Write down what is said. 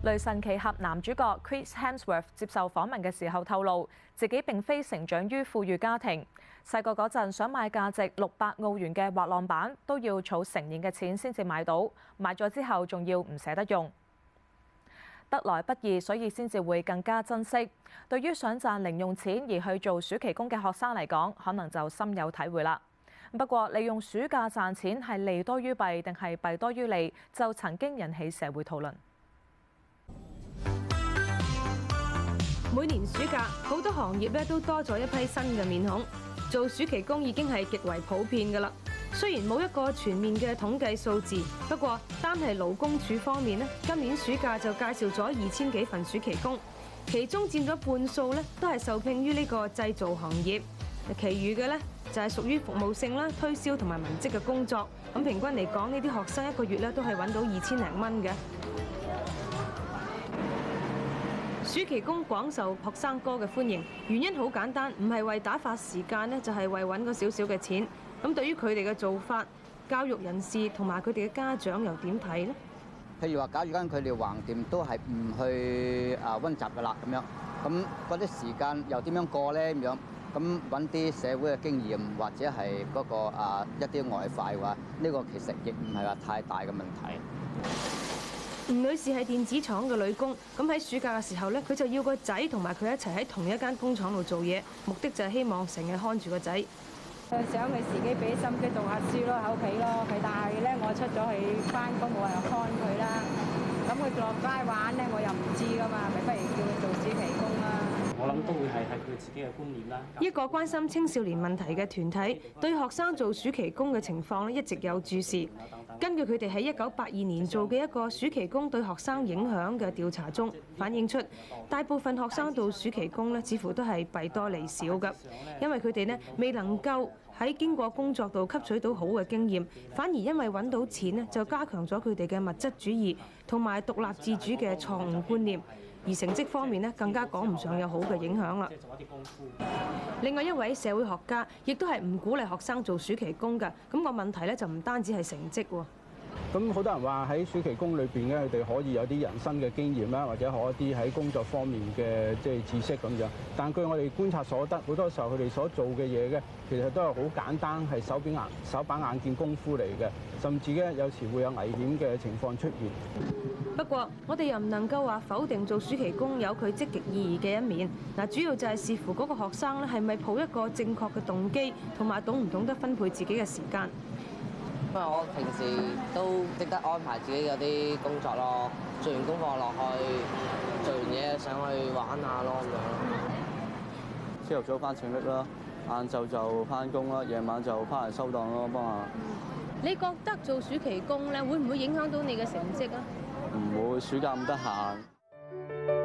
《雷神奇俠》男主角 Chris Hemsworth 接受訪問嘅時候透露，自己並非成長於富裕家庭。細個嗰陣想買價值六百澳元嘅滑浪板，都要儲成年嘅錢先至買到。買咗之後仲要唔捨得用，得來不易，所以先至會更加珍惜。對於想賺零用錢而去做暑期工嘅學生嚟講，可能就深有體會啦。不過，利用暑假賺錢係利多於弊定係弊多於利，就曾經引起社會討論。每年暑假，好多行業咧都多咗一批新嘅面孔，做暑期工已經係極為普遍嘅啦。雖然冇一個全面嘅統計數字，不過單係勞工處方面咧，今年暑假就介紹咗二千幾份暑期工，其中佔咗半數咧都係受聘於呢個製造行業，其餘嘅咧就係、是、屬於服務性啦、推銷同埋文職嘅工作。咁平均嚟講，呢啲學生一個月咧都係揾到二千零蚊嘅。暑期工廣受學生哥嘅歡迎，原因好簡單，唔係為打發時間呢就係為揾個少少嘅錢。咁對於佢哋嘅做法，教育人士同埋佢哋嘅家長又點睇呢？譬如話假如間佢哋橫掂都係唔去啊温習㗎喇咁樣，咁嗰啲時間又點樣過咧咁樣？咁揾啲社會嘅經驗或者係嗰個啊一啲外快嘅話，呢個其實亦唔係話太大嘅問題。吳女士係電子廠嘅女工，咁喺暑假嘅時候呢佢就要個仔同埋佢一齊喺同一間工廠度做嘢，目的就係希望成日看住個仔。佢想佢自己俾心機讀下書咯，喺屋企咯。係，但係咧，我出咗去返工，我又看佢啦。咁佢落街玩咧，我又唔知噶嘛，咪不如叫佢做暑期工啦。我諗都會係係佢自己嘅觀念啦。嗯，一個關心青少年問題嘅團體，對學生做暑期工嘅情況咧，一直有注視。根據佢哋喺一九八二年做嘅一個暑期工對學生影響嘅調查中，反映出大部分學生到暑期工呢，似乎都係弊多利少㗎，因為佢哋呢未能夠喺經過工作度吸取到好嘅經驗，反而因為揾到錢呢，就加強咗佢哋嘅物質主義同埋獨立自主嘅錯誤觀念。而成績方面呢，更加講唔上有好嘅影響啦。另外一位社會學家亦都係唔鼓勵學生做暑期工嘅。咁個問題呢，就唔單止係成績喎。咁好多人話，喺暑期工裏邊，咧，佢哋可以有啲人生嘅經驗啦，或者學一啲喺工作方面嘅即係知識咁樣。但據我哋觀察所得，好多時候佢哋所做嘅嘢咧，其實都係好簡單，係手板眼手板眼見功夫嚟嘅，甚至咧有時會有危險嘅情況出現。不過，我哋又唔能夠話否定做暑期工有佢積極意義嘅一面。嗱，主要就係視乎嗰個學生咧，係咪抱一個正確嘅動機，同埋懂唔懂得分配自己嘅時間。因為，我平時都值得安排自己嗰啲工作咯。做完功課落去，做完嘢上去玩下咯咁樣。朝頭早翻清搦啦，晏晝就翻工啦，夜晚就翻嚟收檔咯，幫下。你覺得做暑期工咧，會唔會影響到你嘅成績啊？唔會，暑假咁得閒。